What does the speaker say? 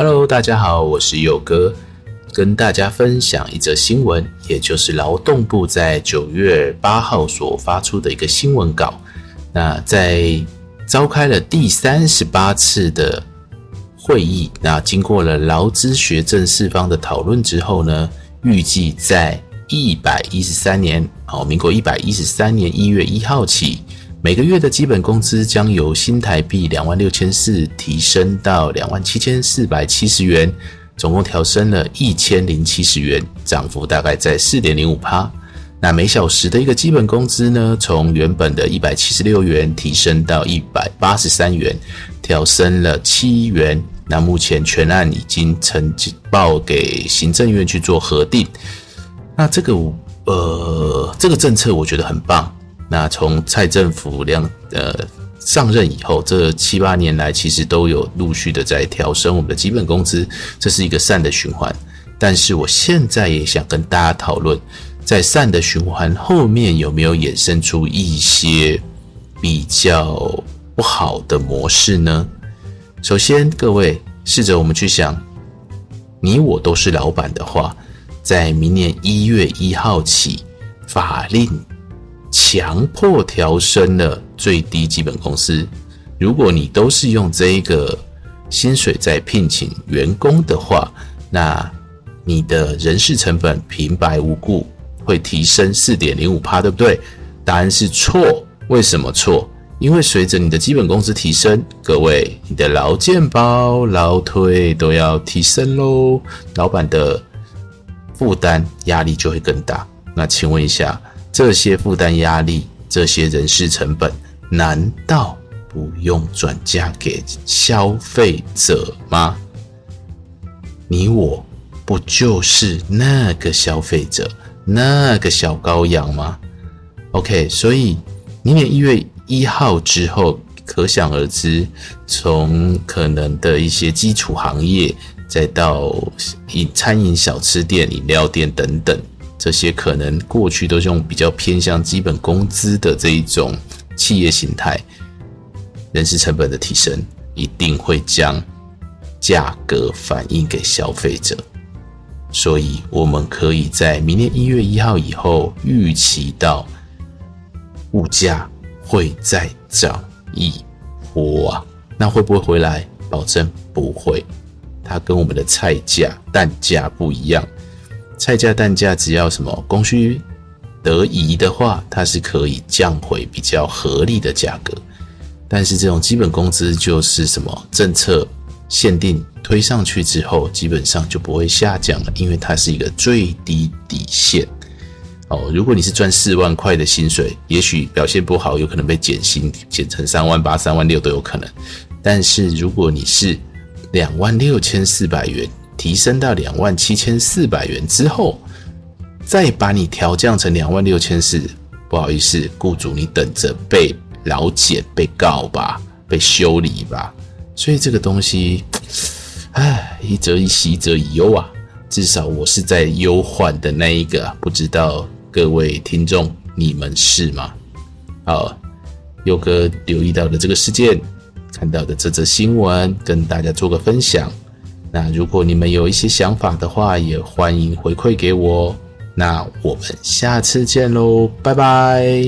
Hello，大家好，我是佑哥，跟大家分享一則新聞，也就是勞動部在九月八號所發出的一個新聞稿。那在召開了第三十八次的會議，那經過了勞資學政四方的討論之後呢，預計在一百一十三年哦，民國一百一十三年一月一號起。每個月的基本工資將由新台幣兩萬六千四提升到兩萬七千四百七十元，總共調升了一千零七十元，漲幅大概在四點零五趴。那每小時的一個基本工資呢，從原本的一百七十六元提升到一百八十三元，調升了七元。那目前全案已經呈報給行政院去做核定。那這個呃，這個政策我覺得很棒。那從蔡政府兩呃上任以後，這七八年來其實都有陸續的在調升我們的基本工資，這是一個善的循環。但是我現在也想跟大家討論，在善的循環後面有沒有衍生出一些比較不好的模式呢？首先，各位試着我們去想，你我都是老板的話，在明年一月一號起法令。強迫調升的最低基本工資，如果你都是用這一個薪水在聘請員工的話，那你的人事成本平白無故會提升四點零五趴，對不對？答案是錯。為什麼錯？因為隨着你的基本工資提升，各位，你的勞健保、勞退都要提升嘍，老闆的負擔壓力就會更大。那請問一下。這些負擔壓力，這些人事成本，難道不用轉嫁給消費者嗎？你我不就是那個消費者，那個小羔羊嗎？OK，所以明年一月一號之後，可想而知，從可能的一些基礎行業，再到飲餐飲小吃店、飲料店等等，這些可能過去都是用比較偏向基本工資的這一種企業形態，人事成本的提升一定會將價格反映給消費者，所以我們可以在明年一月一號以後預期到物價會再漲一波啊。那會不會回來？保證不會。它跟我們的菜價、蛋價不一樣。菜價蛋價，只要什麼供需得宜的話，它是可以降回比較合理的價格。但是這種基本工資就是什麼政策限定推上去之後，基本上就不會下降了，因為它是一個最低底線。哦，如果你是賺四萬塊的薪水，也許表現不好有可能被減薪，減成三萬八、三萬六都有可能。但是如果你是兩萬六千四百元，提升到兩萬七千四百元之後，再把你調降成兩萬六千四，不好意思，雇主你等着被勞檢、被告吧、被修理吧。所以這個東西，唉，一則以喜，一則以憂啊。至少我是在憂患的那一個，不知道各位聽眾你們是嗎？好，佑哥留意到了這個事件，看到的這則新聞，跟大家做個分享。那如果你們有一些想法的話，也歡迎回饋給我。那我們下次見嘍，拜拜。